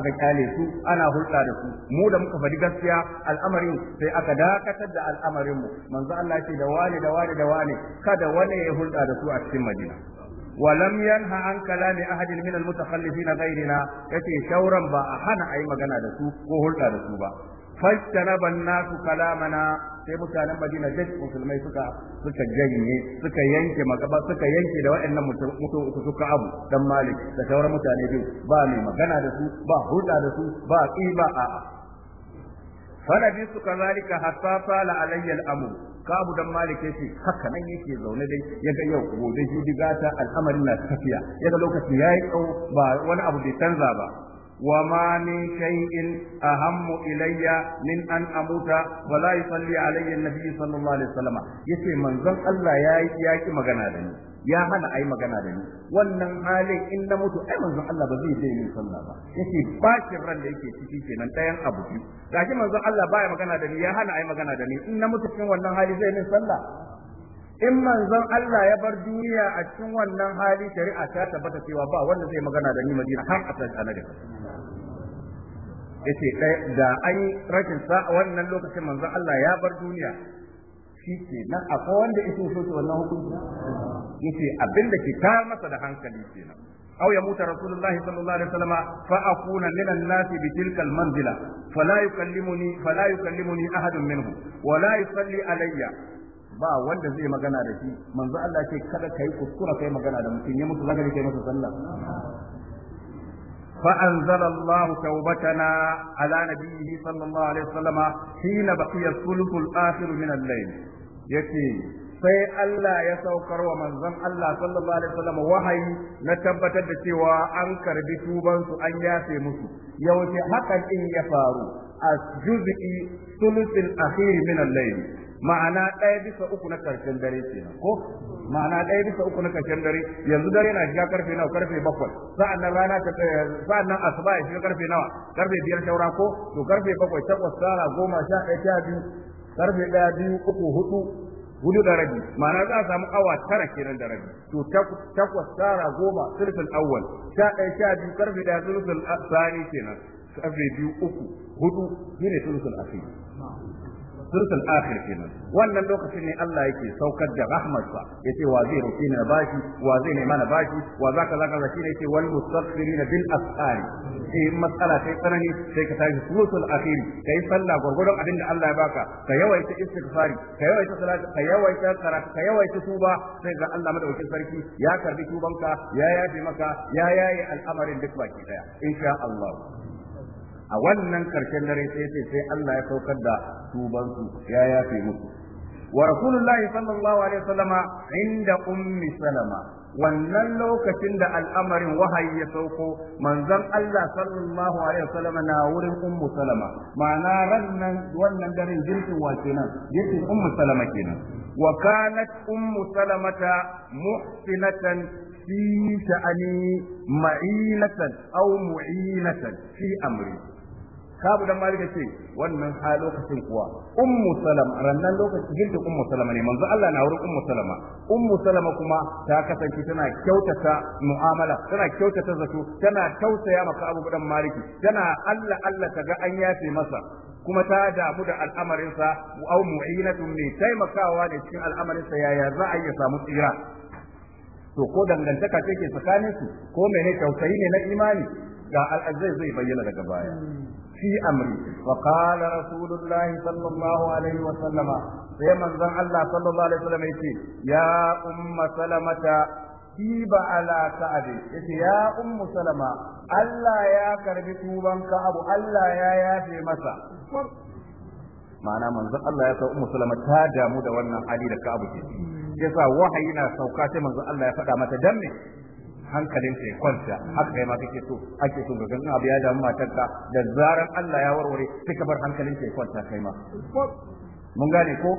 aka kyale su ana hulɗa da su mu da muka faɗi gaskiya al'amarin sai aka dakatar da al'amarin mu manzo Allah ce da wani da wani da wani kada wani ya hulɗa da su a cikin Madina ولم ينهى عن كلام احد من المتخلفين غيرنا yace shauran ba a hana ayi magana da su ko hulɗa da su ba fajtanaba an-nasu kalamana sai mutanen Madina da musulmai suka suka janye suka yanke magaba suka yanke da waɗannan mutum uku suka abu dan Malik da sauran mutane biyu ba mai magana da su ba hulɗa da su ba qiba a falabistu kazalika hatta sala alayya al-amr abu dan malik yace haka nan yake zaune dai ya ga yau gobe shi digata al'amarin na tafiya yaga lokaci yi tsawo ba wani abu bai canza ba وما من شيء أهم إلي من أن أموت ولا يصلي علي النبي صلى الله عليه وسلم يسي من ذن الله يا يا مغنى دني يا هنا أي مغنى دني wannan halin in na mutu ai manzon Allah ba zai من صلى الله ba yake ran da yake ciki kenan ɗayan abu biyu gashi manzon Allah baya magana da ni ya hana ai magana da ni in na mutu cikin wannan hali zai in manzon Allah ya bar duniya a cikin wannan hali shari'a ta tabbata cewa ba wanda zai magana da ni madina har a tsakanin yace da an rashin sa wannan lokacin manzon Allah ya bar duniya shi ke nan akwai wanda yake so wannan hukunci yace abin ke tayar masa da hankali kenan أو يموت رسول الله صلى الله عليه وسلم فأكون من الناس بتلك المنزلة فلا يكلمني فلا يكلمني أحد منهم ولا يصلي علي ba wanda zai magana da shi manzo Allah ce kada yi kuskura kai magana da mutum ya mutu zaka kai masa sallah فأنزل الله توبتنا على نبيه صلى الله عليه وسلم حين بقي الثلث الآخر من الليل sai Allah ya saukar wa manzon Allah sallallahu alaihi wasallam wahayi na tabbatar da cewa an karbi tubansu an yafe musu yaushe hakan in ya faru a juz'i sulusul akhir min al-layl ma'ana ɗaya bisa uku na karshen dare kenan ko ma'ana ɗaya bisa uku na ƙarshen dare yanzu dare na shiga karfe nawa karfe bakwai sa'an nan rana ta sa'an nan asuba ya shiga karfe nawa karfe biyar shaura ko to karfe bakwai takwas sara goma sha ɗaya sha biyu karfe ɗaya biyu uku hudu hudu da rabi ma'ana za a samu awa tara kenan da rabi to takwas tara goma sulfin awwal sha ɗaya sha biyu karfe ɗaya sulfin sani kenan karfe biyu uku hudu shine sulfin asiri sulhul akhir kenan wannan lokacin ne Allah yake saukar da rahmarsa yace wa zai roki na bashi wa zai nema na bashi wa zaka zaka zaki ne yace wal mustaghfirina bil asari sai eh, matsala sai tsanani sai ka tashi sulhul akhir kai sallah gurgurdan abinda Allah ya baka ka yawaita istighfari ka yawaita salati ka yawaita karatu ka yawaita tuba sai ga Allah madaukakin sarki ya karbi tubanka ya yafe maka ya yaye al'amarin duk baki daya insha Allah a wannan karshen dare sai sai sai Allah ya saukar da tuban su ya yafe musu wa rasulullahi sallallahu alaihi wasallama inda ummi salama wannan lokacin da al'amarin wahayi ya sauko manzon Allah sallallahu alaihi wasallama na wurin ummu salama ma'ana rannan wannan daren jinsin wa kenan jinsin ummu salama kenan wa kanat ummu salamata muhsinatan في شأني معينة أو معينة fi amri. kabu dan malik ce wannan ha lokacin kuwa ummu salama rannan lokacin girkin ummu salama ne manzo Allah na wurin ummu salama ummu salama kuma ta kasance tana kyautata mu'amala tana kyautata zato tana tausaya maka abu dan maliki tana Allah Allah ta ga an yafe masa kuma ta damu da al'amarinsa au mu'inatun mai taimakawa ne cikin al'amarinsa yaya za a iya samu tsira to ko dangantaka take ke tsakaninsu ko mene tausayi ne na imani ga al'azai zai bayyana daga baya في أمري وقال رسول الله صلى الله عليه وسلم sai manzon Allah sallallahu alaihi wasallam yace ya umma salamata tiba ala ka'abi yace ya ummu salama Allah ya karbi tuban ka'abu Allah ya yafe masa ma'ana manzon Allah ya sa ummu ta damu da wannan hali da ka'abu ke yasa wahayi na sauka sai manzon Allah ya faɗa mata dan hankalinta ya kwanta haka kai ma kake so ake so ga ganin abu ya damu matarka da zarar Allah ya warware sai ka bar hankalinta ya kwanta kai ma mun gane ko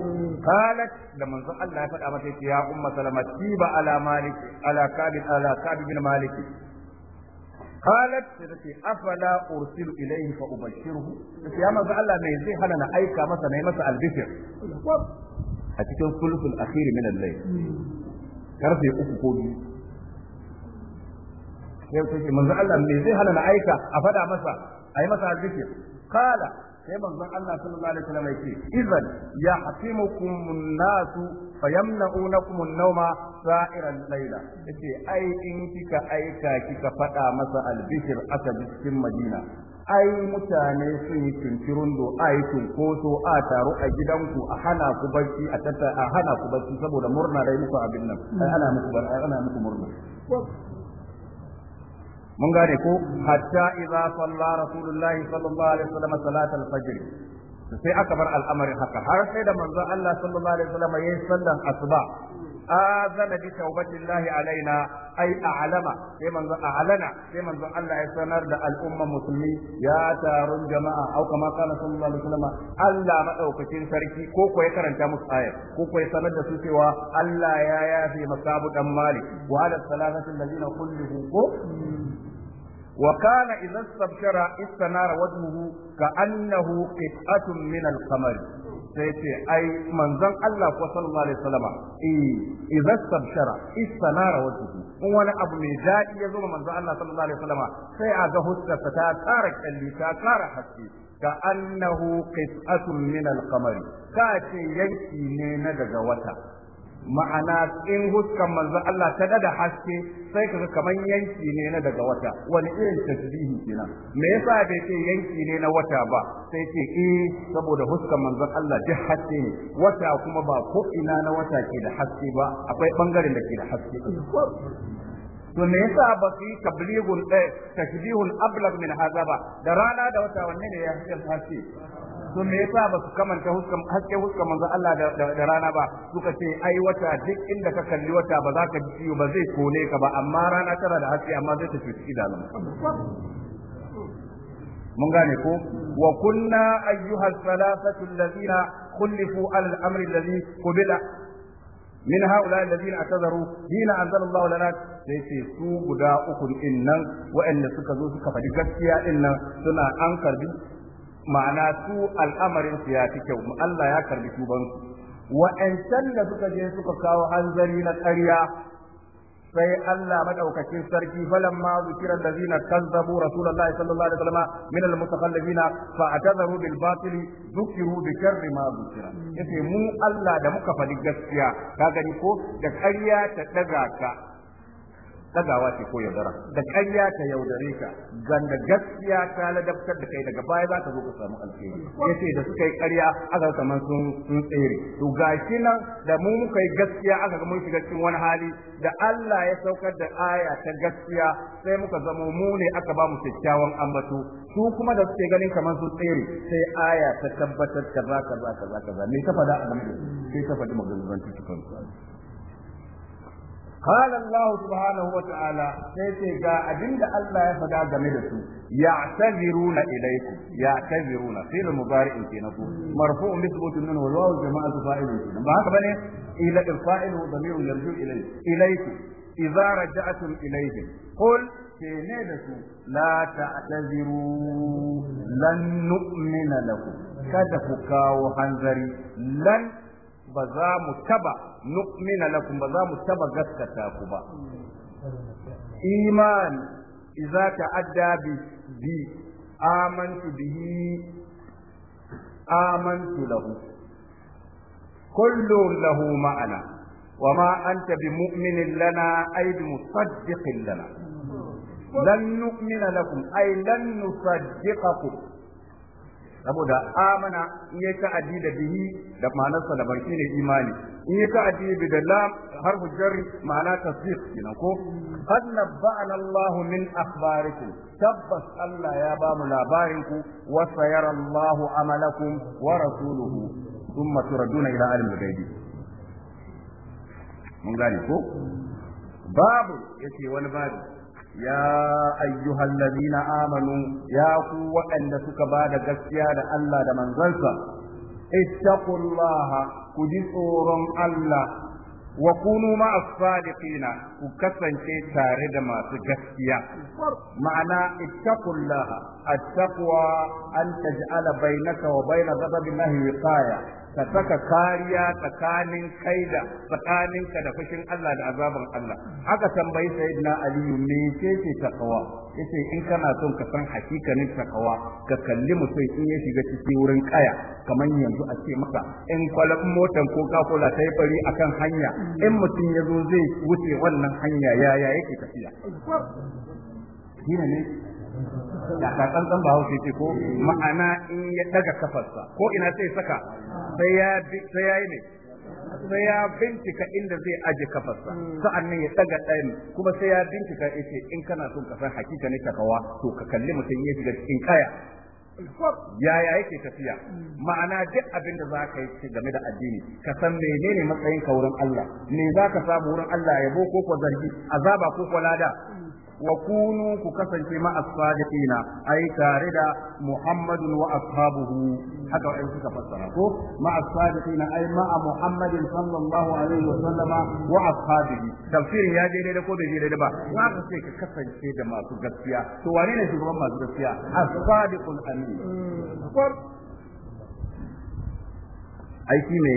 qalat da manzon Allah ya faɗa mata ya umma salama tiba ala malik ala kabid ala kabid bin malik qalat sai afala ursilu ilayhi fa ubashshiruhu ya manzon Allah mai zai hana na aika masa nayi masa albishir a cikin sulhul akhir min al-layl karfe uku ko biyu sai ce manzo Allah me zai hana na aika a fada masa a yi masa arziki kala sai manzon Allah sallallahu alaihi wasallam yake idan ya hatimukum nasu fayamna'unakum an-nawma sa'iran layla yace ai in kika aika kika fada masa albishir aka cikin Madina ai mutane sun yi tunturun do ai tunkoso a taru a gidanku a hana ku barci a tata a hana ku barci saboda murna dai muku abin nan ai ana muku ana muku murna mun gane ko hatta idza salla rasulullahi sallallahu alaihi wasallam salatal fajr sai aka bar al'amarin haka har sai da manzo Allah sallallahu alaihi wasallam yayi sallan asuba azana bi taubatillahi alaina ai a'lama sai manzo a'lana sai manzo Allah ya sanar da al'umma musulmi ya tarun jama'a au kama kana sallallahu alaihi wasallam Allah madaukakin sarki ko ko ya karanta musu ayar ko ko ya sanar da su cewa Allah ya yafe masabuɗan dan ku wa ala salatatin ladina kulluhu ko وكان إذا استبشر استنار وجهه كأنه قطعة من القمر sai ce ai manzon Allah ko sallallahu alaihi wasallama eh idza stabshara istanara wajhu wani abu mai daɗi ya zo manzon Allah sallallahu alaihi sai a ga huskarsa ta tsara kalli ta tsara haske ka annahu qit'atun min al-qamari ce yanki ne na daga wata ma'ana in huskan manzo Allah ta dada haske sai kaga kaman yanki ne na daga wata wani irin tasbihi kenan me yasa bai ce yanki ne na wata ba sai ce eh saboda huskan manzon Allah duk haske ne wata kuma ba ko ina na wata ke da haske ba akwai bangaren da ke da haske to me yasa ba fi yi tablighul eh tashbihul ablagh min hadha ba da rana da wata wanne ne ya haske to me yasa ba su kamanta huskan hasken huskan manzo Allah da rana ba suka ce ai wata duk inda ka kalli wata ba za ka ji ba zai kone ka ba amma rana tana da haske amma zai ta cuci idanun mun gane ko wa kunna ayyuhal salasatu allazina khulifu ala al-amri allazi qubila min haula allazina atazaru dina anzalallahu lana sai ce su guda uku din nan waɗanda suka zo suka faɗi gaskiya din nan suna an karbi ma'ana su al'amarin su ya fi kyau Allah ya karbi tubansu wa'ancan da suka je suka kawo hanzari na ƙarya sai Allah madaukakin sarki falamma zikira allazina kazzabu Rasulallah sallallahu alaihi wasallam min almutakhallifina fa atadharu bil batil dhukiru bi sharri ma zikira yace mu Allah da muka faɗi gaskiya ka gani ko da ƙarya ta daga ka dagawa ce ko yaudara da ƙarya ta yaudare ka ganda gaskiya ta ladabtar da kai daga baya za ka zo ka samu alheri yace da suka yi ƙarya aka kaman sun tsere to gashi nan da mu muka yi gaskiya aka mun shiga cikin wani hali da Allah ya saukar da aya ta gaskiya sai muka zama mu ne aka ba mu kyakkyawan ambato su kuma da suke ganin kaman sun tsere sai aya ta tabbatar kaza kaza kaza kaza me ka faɗa a game da sai ka faɗi maganganun cikin قال الله سبحانه وتعالى سيتي غا أبند الله يفدا جميلته يعتذرون إليكم يعتذرون في المضارع كنكو مرفوع بثبوت منه الواو جماعة فاعل ما هكذا إلى الفاعل ضمير يرجع إليه إليكم إذا رجعتم إليهم قل كنيدة لا تعتذروا لن نؤمن لكم كتفكاو حنزري لن ba za mu taba nukmina lakum ba za mu taba gaskata ku ba. Iman iza ta adda bi amantu bihi amantu lahu kullun lahu ma'ana wa ma anta bi mu'minin lana ay bi musaddiqin lana lan nu'mina lakum ay lan nusaddiqakum saboda amana in ya ta'addi da bihi da ma'anarsa da barki ne imani in ya ta'addi bi da lam har jarri ma'ana tasdiq kenan ko qad nabba'ana Allah min akhbarikum tabbas Allah ya ba mu labarin ku wa sayara Allah amalakum wa rasuluhu thumma turaduna ila alim al-ghaibi mun gane ko babu yace wani babu يا أيها الذين آمنوا يا قوة أن تكباد قسيا لألا لمن زلسا اتقوا الله كجسور الله وكونوا مع الصادقين وكسن شيء تارد ما تجسيا معنى اتقوا الله التقوى أن تجعل بينك وبين غضب الله وقايا ka saka kariya tsakanin kai da tsakanin ka da fushin Allah da azabar Allah haka tambayi sayyidina Ali me ce ce takawa yace in kana son ka san hakikanin takawa ka kalli mutum in ya shiga cikin wurin kaya kamar yanzu a ce maka in kwalabin motan ko kakola ta yi bari akan hanya in mutum ya zo zai wuce wannan hanya yaya yake tafiya shine ne da ka ba hausa ce ko ma'ana in ya daga kafarsa ko ina sai saka sai ya ne sai ya bincika inda zai aje kafarsa nan ya daga ɗayan kuma sai ya bincika yace in kana son ka san hakika ne kawa to ka kalli mutum ya shiga cikin kaya yaya yake tafiya ma'ana duk abin da za ka yi game da addini ka san menene matsayin ka wurin Allah me za ka samu wurin Allah yabo ko ko zargi azaba ko ko lada wa kunu ku kasance ma asfadiqina ai tare da muhammadun wa ashabuhu haka wa'in suka fassara ko ma asfadiqina ai ma muhammadin sallallahu alaihi wa sallama wa ashabihi tafsirin ya daidai da ko bai daidai ba wa ka ce ka kasance da masu gaskiya to wane ne shugaban masu gaskiya asfadiqul amin ai shi ne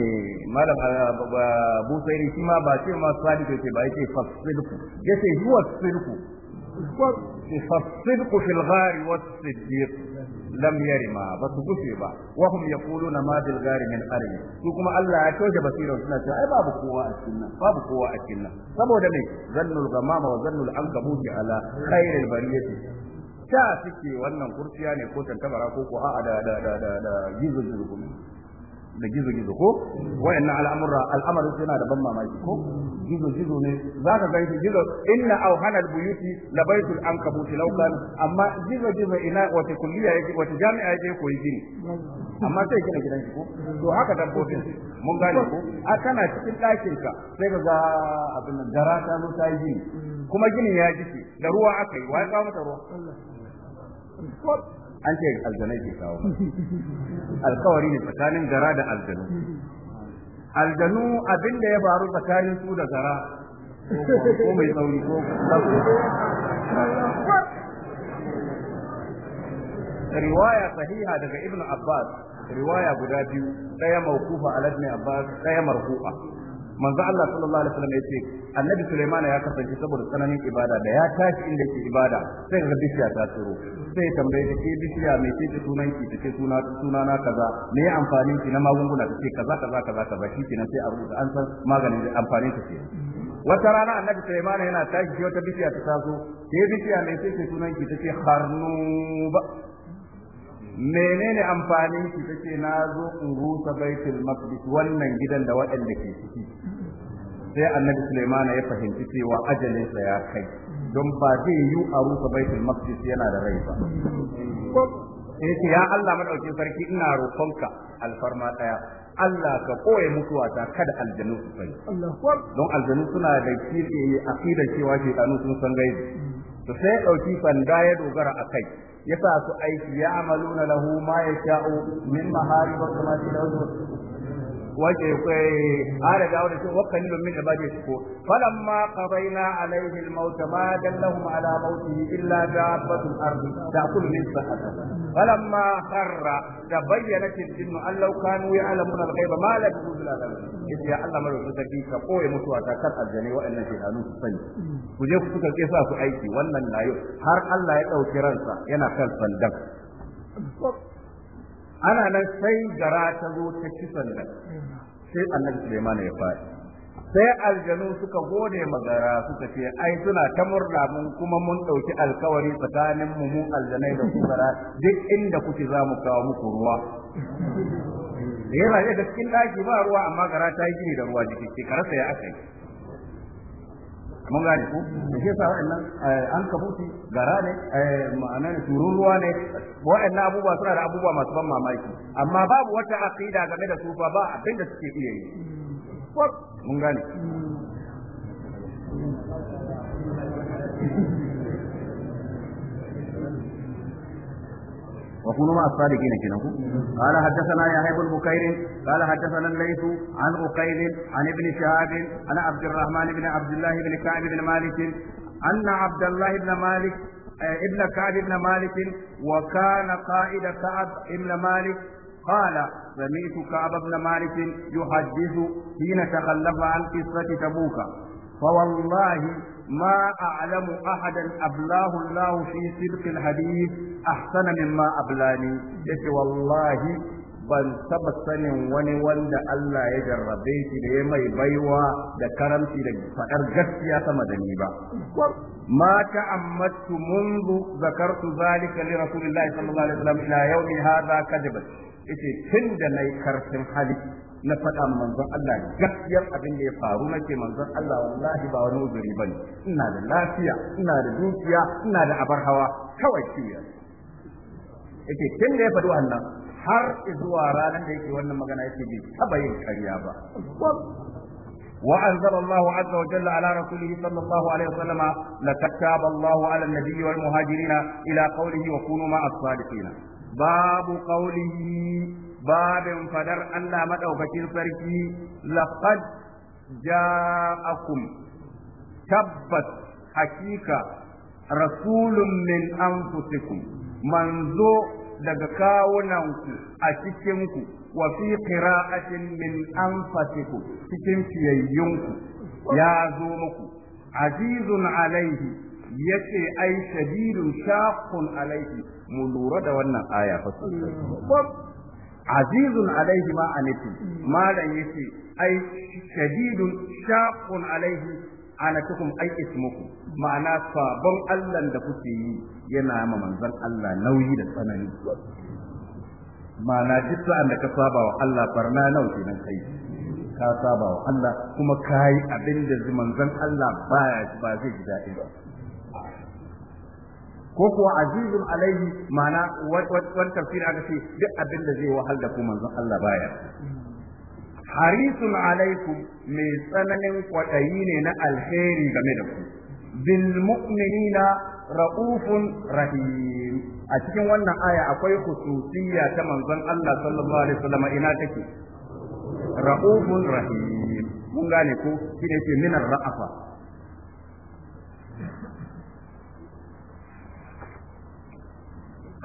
malam ah, abu sai shi ma ba ce ma sadiku ce ba yake fasirku yace huwa sirku فالصدق في الغار والصديق لم yarima ba su gufe ba wa hum yaquluna من اري gari min arim su kuma Allah ya toshe basirar suna cewa ai babu kowa a cikin nan babu kowa a cikin nan saboda me zannul zannul ta suke wannan kurciya ne ko tantabara ko ko a da da da da da gizo gizo ko na al'amura al'amarin suna da ban mamaki ko gizo gizo ne za ka ganshi gizo inna awhanal buyuti la baitul an law laukan amma gizo gizo ina wata kulliya yake wata jami'a yake koyi gini amma sai gina gidan shi ko to haka dabbobin mun gane ko a kana cikin ɗakin ka sai ka ga abin nan gara ta zo ta yi gini kuma ginin ya jike da ruwa aka yi wa ya kawo mata ruwa an ce aljanai ke kawo alkawari ne tsakanin gara da aljanu aljanu abin da ya faru tsakanin su da gara ko mai tsauri ko riwaya sahiha daga ibn abbas riwaya guda biyu daya mawqufa ala ibn abbas daya marfu'a manzo Allah sallallahu alaihi wasallam yace annabi Sulaiman ya kasance saboda tsananin ibada da ya tashi inda yake ibada sai ga bishiya ta tsiro sai ya tambaye ta ke bishiya mai ce sunan ki take suna suna na kaza me ya amfani ki na magunguna take kaza kaza kaza kaza shi kenan sai a rubuta an san maganin amfanin ta ke wata rana annabi Sulaiman yana tashi sai wata bishiya ta taso ke bishiya mai ce sunan ki take harnuba menene amfanin ki take na zo in rusa baitul maqdis wannan gidan da waɗanda ke ciki sai annabi suleiman ya fahimci cewa ajalinsa ya kai don ba zai yi a rusa baitul maqdis yana da rai ba ya Allah madaukin sarki ina roƙonka alfarma daya Allah ka koye mutuwa ta kada aljanu su sani don aljanu suna da kike aqidar cewa shedanu sun san gaibi to sai dauki sanda ya dogara akai yasa su aiki ya amaluna lahu ma yasha'u min maharibat kama tilawdu wace kai ara da wani sun wakkani domin da baje su ko falamma qadayna alayhi al-maut ma dallahum ala mautih illa dabbatul ardh ta'kulu min sahab falamma kharra tabayyana tinnu allau kanu ya'lamuna al-ghayba ma la tudul al-alam idan ya Allah mai rubuta ki ka koye mutuwa ta kar aljani wa'annan shehanu su sani ku je ku suka ke sa ku aiki wannan layo har Allah ya ɗauki ransa yana kan sandan ana nan sai gara ta zo ta kisan nan sai annabi Suleiman ya faɗi sai aljanu suka gode magara suka ce ai suna ta murna mun kuma mun ɗauki alkawari tsakanin mu mun aljanai da kusara duk inda kuke za mu kawo muku ruwa da yawa da cikin ɗaki ba ruwa amma gara ta yi gini da ruwa jiki ke karasa ya aka mun gane ku da shi sa wa'annan eh, an kabuti gara ne eh, turun ruwa ne wa'annan abubuwa suna da abubuwa masu ban mamaki amma babu wata aqida game da sufa ba abin da suke iya yi mun gane وكونوا مع الصادقين كنه قال حدثنا يحيى بن بكير قال حدثنا الليث عن عقيل عن ابن شهاب عن عبد الرحمن بن عبد الله بن كعب بن مالك أن عبد الله بن مالك آه، ابن كعب بن مالك وكان قائد كعب بن مالك قال سمعت كعب بن مالك يحدث حين تخلف عن قصة تبوك فوالله ما أعلم أحدا أبلاه الله في صدق الحديث أحسن مما أبلاني يتي والله ban taba sanin wani wanda Allah ya jarrabe shi da ya mai baiwa da karamci da faɗar gaskiya sama da ni ba. Ma ta'ammatu mundu zakartu zalika li Rasulillahi sallallahu alaihi wasallam ila yawmi hadha kadibat. Yace tun da nayi karfin hali na faɗa ma manzon Allah gaskiyar abin da ya faru nake manzon Allah wallahi ba wani uzuri bane ina da lafiya ina da dukiya ina da abar hawa kawai Ya yake kin da ya faɗi wannan har zuwa ranar da yake wannan magana yake bi taba yin karya ba وأنزل الله عز وجل على رسوله صلى الله عليه وسلم لقد تاب الله على النبي والمهاجرين إلى قوله وكونوا مع الصادقين باب قوله babin fadar Allah maɗaukakin sarki laqad ja'akum tabbat hakika rasulun min anfusikum manzo daga kawunanku a cikinku wa fi qira'atin min anfusikum cikin fiyayyunku ya zo muku azizun alaihi yace ai shadidun shaqqun alaihi mu lura da wannan aya fa azizun alaihi ma anitu malam yace ai shadidun shaqun alaihi anatukum ai ismuku. ma'ana sabon Allah da kuke yi yana ma manzon Allah nauyi da tsanani ma'ana duk sa'an da ka saba wa Allah barna nau kenan kai ka saba wa Allah kuma kai abin da manzon Allah baya ba zai ji daɗi ba ko kuwa azizun alaihi ma'ana wani tafsir aka ce duk abin da zai wahal da ku manzon Allah baya harisun alaikum mai tsananin kwaɗayi ne na alheri game da ku bil mu'minina ra'ufun rahim a cikin wannan aya akwai khususiyya ta manzon Allah sallallahu alaihi wasallam ina take ra'ufun rahim mun gane ko ne ke minar ra'afa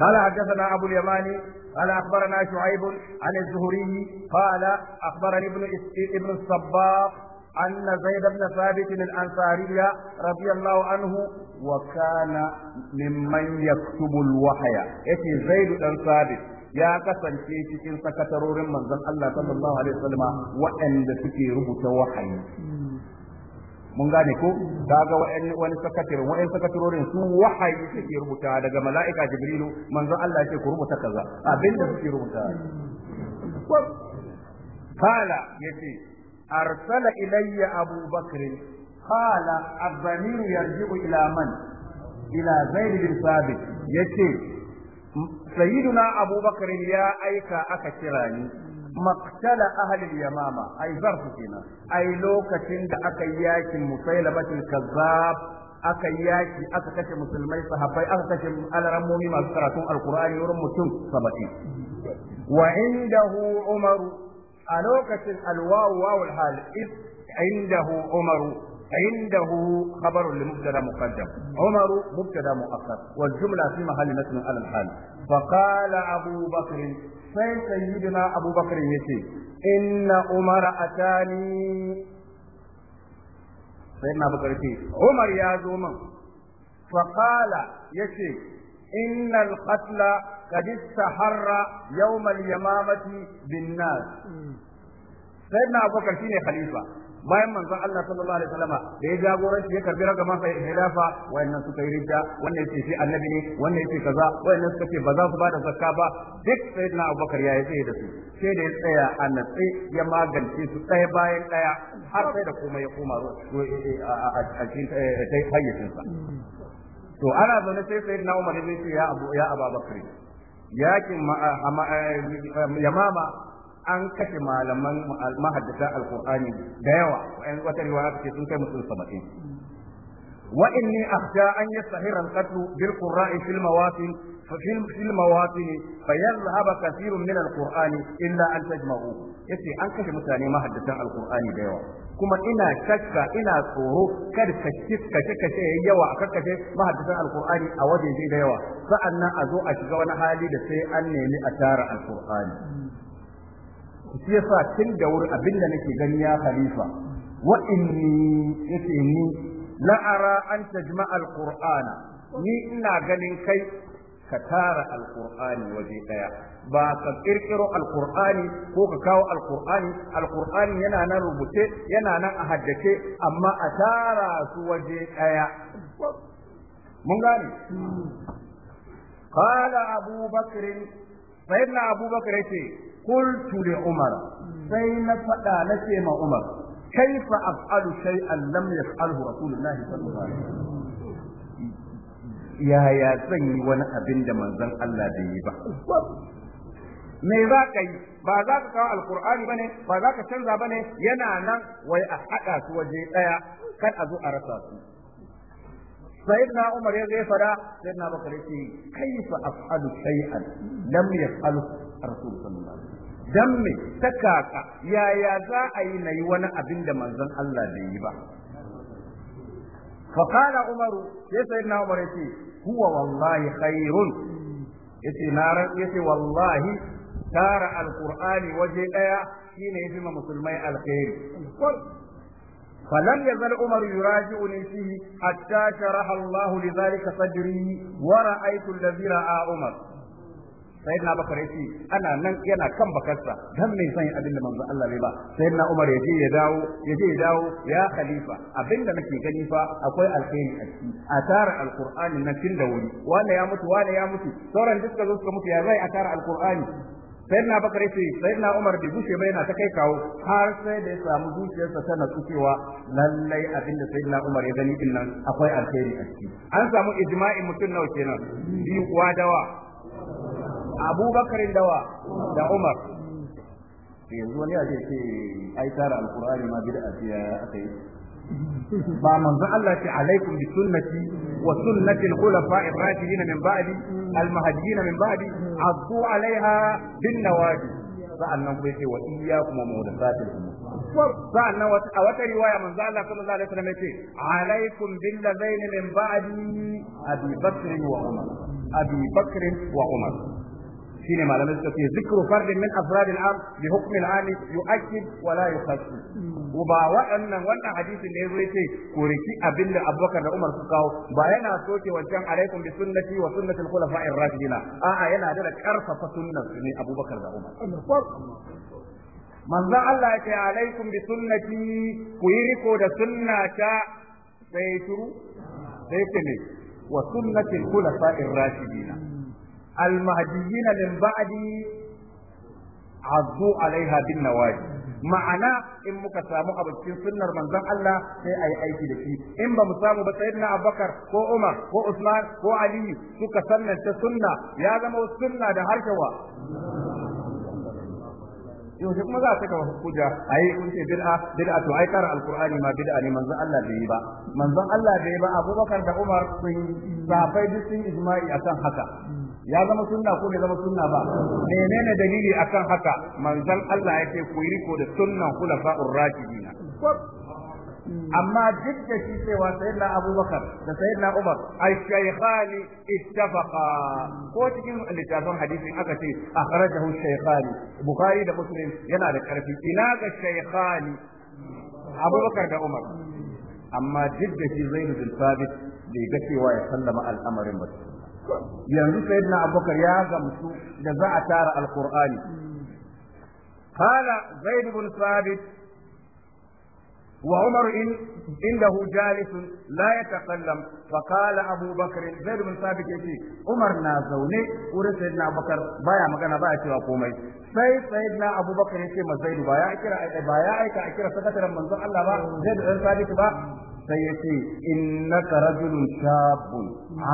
قال حدثنا أبو اليماني قال أخبرنا شعيب عن الزهري قال أخبرني ابن ابن الصباغ أن زيد بن ثابت الأنصاري رضي الله عنه وكان ممن يكتب الوحي يتي زيد بن ثابت ya kasance cikin sakatarorin manzon Allah sallallahu alaihi wasallam waɗanda suke rubuta wahayi mun gane ko kaga wani wani sakatirin wani sakatirorin su wahayi suke rubuta daga mala'ika jibrilu manzon Allah yake ku rubuta kaza abinda suke rubuta kala yace arsala ilayya abu bakr qala abdamir yarji'u ila man ila zaid bin sabit yace sayyiduna abu bakr ya aika aka kira ni maktala ahlil yamama ai zarfu kenan ai lokacin da aka yi yakin musailabatul kazzab aka yi yaki aka kashe musulmai aka kashe alrammomi masu karatun alkur'ani wurin mutum saba'in wa indahu umaru a lokacin alwawu hal عنده خبر لمبتدا مقدم عمر مبتدا مؤخر والجملة في محل نسل على الحال فقال أبو بكر sai sayyidina abubakar ya ce inna umar atani na abubakar ce umar ya zo min fa qala yace inna al-qatla qad istaharra yawm al-yamamati bin nas hmm. na abubakar shine khalifa bayan manzon Allah sallallahu alaihi wasallam da ya jagoranci ya karbi ragama fa hilafa, wayannan suka yi rijja wannan yake shi annabi ne wannan yake kaza wayannan suka ce ba za su bada zakka ba duk sayyidina Abubakar ya yi tsaye da su sai da ya tsaya a natsi ya magance su ɗaya bayan ɗaya har sai da komai ya koma eh, eh, a cikin eh, sa. to ana zaune sai sayyidina Umar ya ce ya Abu ya Abubakar yakin yamama an kashe malaman mahaddata alqur'ani da yawa wa'in wata riwaya ce sun kai mutum 70 وإني أخشى أن يستهر القتل بالقراء في المواطن في المواطن فيذهب كثير من القرآن إلا أن تجمعوه yace an kashe mutane mahaddasan alkur'ani da yawa kuma ina shakka ina tsoro kada kashe kashe kashe yayi yawa a kashe mahaddasan alkur'ani a wajeje da yawa sa'annan a zo a shiga wani hali da sai an nemi a tara alkur'ani shi yasa tun da wuri abin da nake gani ya halifa wa inni yace ni la ara an tajma alqur'ana ni ina ganin kai ka tara alqur'ani waje daya ba ka kirkiro alqur'ani ko ka kawo alqur'ani alqur'ani yana nan rubuce yana nan a haddace amma a tara su waje daya mun gane قال أبو بكر سيدنا qultu umar sai na faɗa na ce ma umar kaifa af'alu shay'an lam yaf'alhu rasulullahi sallallahu alaihi wasallam yaya zan yi wani abin da manzon Allah bai yi ba me za ka yi ba za ka kawo alkur'ani bane ba za ka canza ne? yana nan wai a haɗa su waje ɗaya kan a zo a rasa su na umar ya zai fada sayyidina bakar yace kaifa af'alu shay'an lam yaf'alu rasul sallallahu alaihi dan me ta kaka yaya za a yi nayi wani abin da manzon Allah bai yi ba fa qala umaru sai na umar yace huwa wallahi khairun yace na yace wallahi tara alqur'ani waje daya shine yafi musulmai alkhairi فلم يزل عمر يراجعني فيه حتى شرح الله لذلك صدري ورأيت الذي رأى عمر na bakar ana nan yana kan bakarsa dan me san abin da manzo Allah bai ba na umar yaje ya dawo yaje ya dawo ya khalifa Abin da nake gani fa akwai alkhairi a ciki a tara alqur'ani na cikin da wuri wanda ya mutu wanda ya mutu sauran duka zo suka mutu ya zai a tara alqur'ani sayyidina bakar sai na umar bai bushe bai na ta kai kawo har sai da ya samu zuciyarsa tana natsu lallai abin da na umar ya gani din nan akwai alkhairi a ciki an samu ijma'in mutum nawa kenan biyu kuwa dawa abubakar dawa da umar eh, yanzu wani ake ce ai tara alkur'ani ma bid'a ce aka yi ba manzon Allah ce alaikum bi sunnati wa sunnati al-khulafa'i ar-rashidin min ba'di al-mahdiyyin min ba'di addu 'alayha bin nawajib sa'annan kuma yace wa iyyakum muhdathatil umur sa'annan a wata riwaya manzo Allah sallallahu alaihi wasallam yace alaikum bil ladain min ba'di abi bakr wa umar abi bakr wa umar shine malamai suka ce zikru fardin min afradil am bi hukmi al-ami yu'akkid wa la yukhassis ko ba waɗannan wannan hadisin ne yazo yace ko riki abinda Abubakar da Umar suka kawo ba yana soke wancan alaikum bi sunnati wa sunnati al-khulafa'ir rashidin a'a yana da karfafa sunnar ne Abubakar da Umar manzon Allah ya ce alaikum bi sunnati ku yi riko da ta, sai turu sai ce ne wa sunnatil khulafa'ir rashidin المهديين من بعدي عضوا عليها بالنواجذ ma'ana in muka samu abu cikin sunnar manzon Allah sai a yi aiki da shi in ba mu samu ba na Abubakar ko Umar ko Usman ko Ali suka ta sunna ya zama sunna da harshewa yaushe kuma za a saka hujja a yi kun bid'a bid'a to ai kara alqur'ani ma bid'a ne manzon Allah bai yi ba manzon Allah bai yi ba Abubakar da Umar sun sahabbai duk sun ijma'i akan haka ya zama sunna ko bai zama sunna ba menene dalili akan haka manzon Allah yake ku yi ko da sunnan khulafa'ur rashidina Mm. amma duk da shi cewa sayyidina abubakar da sayyidina umar ash-shaykhani ittafaqa mm. ko cikin littafin hadisi aka ce akhrajahu ash-shaykhani bukhari da muslim yana da karfi ina ga shaykhani mm. abubakar da umar amma duk da shi zainu bin sabit bai ga wa ya sallama al'amarin ba yanzu sayyidina abubakar ya gamsu da za a tara alqur'ani قال زيد بن ثابت وعمر إن عنده جالس لا يتكلم فقال أبو بكر زيد بن ثابت يجي عمر نازوني ورد سيدنا أبو بكر بايا مكان بايا سوى قومي sai sayyidina abubakar ya ce ma zaidu ba ya aika a kira sakataren manzon Allah ba zaidu dan sabit ba sai ya ce innaka rajulun shabun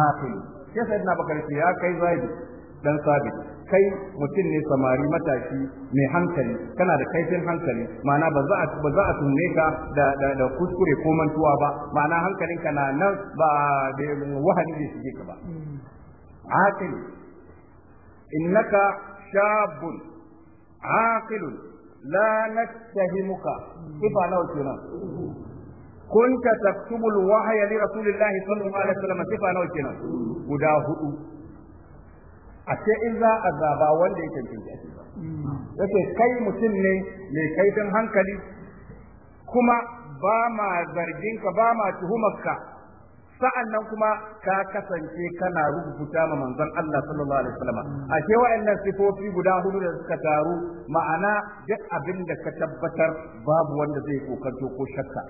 aqil sai sayyidina abubakar ya kai zaidu dan kai mutum ne samari matashi mai hankali kana da kaifin hankali ma'ana ba za a ba za a tunne ka da da, da kuskure ko mantuwa ba ma'ana hankalinka na nan ba da wahani ne shige ka ba aqil innaka shabun aqil la nattahimuka kifa nawa kenan kunta taktubul wahya li rasulillahi sallallahu alaihi wasallam ifa na انا وكنا guda هدو a ce in za a zaba wanda ya cancanci ake ba kai mutum ne mai kaifin hankali kuma ba ma zargin ka ba ma tuhumar ka sa'an nan kuma ka kasance kana rubuta ma manzon Allah sallallahu alaihi wasallam a ce wa'annan sifofi guda hudu da suka taru ma'ana duk abin da ka tabbatar babu wanda zai kokarto ko shakka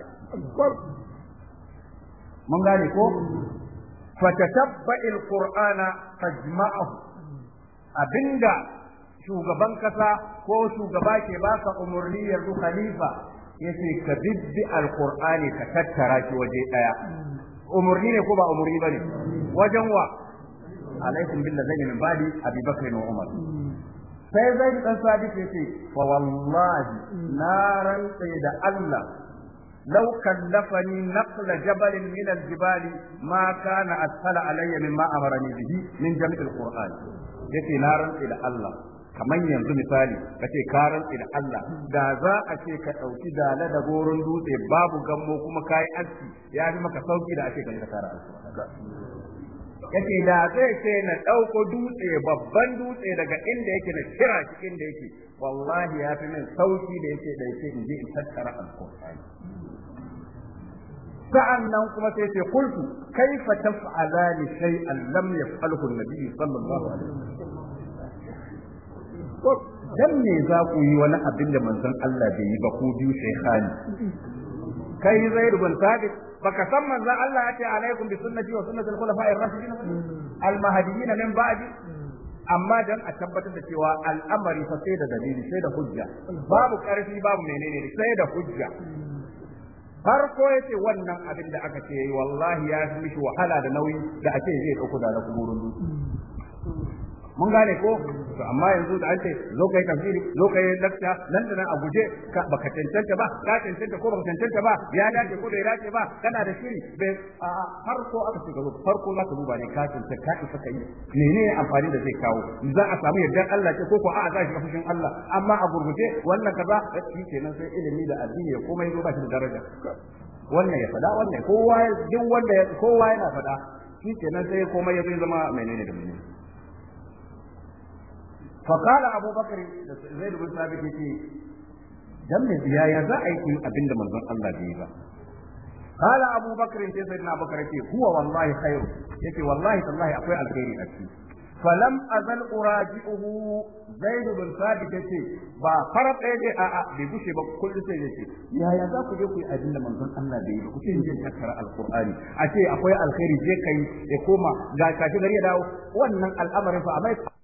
mun gane ko fatatabba qurana fajma'ahu abinda shugaban kasa ko shugaba ke baka umarni yanzu khalifa yace ka bibbi alqur'ani ka tattara shi waje daya umarni ne ko ba umarni bane wajen wa alaikum billahi min badi abi bakr wa umar sai zai dan sadiq yace fa wallahi naran sai da Allah لو كلفني نقل جبل من الجبال ما كان أسهل علي مما أمرني به من جميع القرآن yace na rantsi da Allah kamar yanzu misali kace ka rantsi da Allah da za a ce ka ɗauki dala da goron dutse babu gammo kuma kayi aski ya fi maka sauki da ake ka tara. yace da zai ce na ɗauko dutse babban dutse daga inda yake na kira shi inda yake wallahi ya fi min sauki da yake da yake in je in tattara alƙur'ani sa'annan kuma sai ce qultu kaifa taf'alani shay'an lam yaf'alhu an-nabi sallallahu alaihi wasallam dan ne za ku yi wani abin da manzon Allah bai yi ba ko biyu sai khani kai zaid ban sabit baka san manzon Allah ya ce alaikum bi sunnati wa sunnati al ar rashidin al-mahdiyyin min ba'di amma dan a tabbatar da cewa al'amari fa sai da dalili sai da hujja babu karfi babu menene sai da hujja har ya ce wannan abin da aka ce wallahi ya fi mishi wahala da nauyi da ake zai dauko da na kuburun dutse mun gane ko to amma yanzu da an ce zo kai tafsiri zo kai nan da nan a guje ka baka cancanta ba ka cancanta ko baka cancanta ba ya dace ko da ya dace ba kana da shiri be a farko aka ce ga farko za ka duba ne ka tantance ka isa ka yi menene amfani da zai kawo za a samu yardar Allah ce ko ko A'a za shiga fushin Allah amma a gurguje wannan kaza shi kenan sai ilimi da addini ya komai zo ba shi da daraja wannan ya faɗa wannan kowa duk wanda kowa yana fada shi kenan sai komai ya zama menene da menene فقال أبو بكر زيد بن ثابت يتي dan me ya ya za a yi abin da Allah ba قال أبو بكر sai sayyidina Abu Bakar yace huwa wallahi khairu yace wallahi tallahi akwai alkhairi a ciki falam azal uraji'uhu zaid bin sabit yace ba farar ɗaya dai a'a bai bushe ba kullum sai yace yaya za ku je ku yi abin da manzon Allah bai yi ku ce jin tattara alqur'ani a ce akwai alkhairi je kai ya koma ga gari ya dawo wannan al'amarin fa a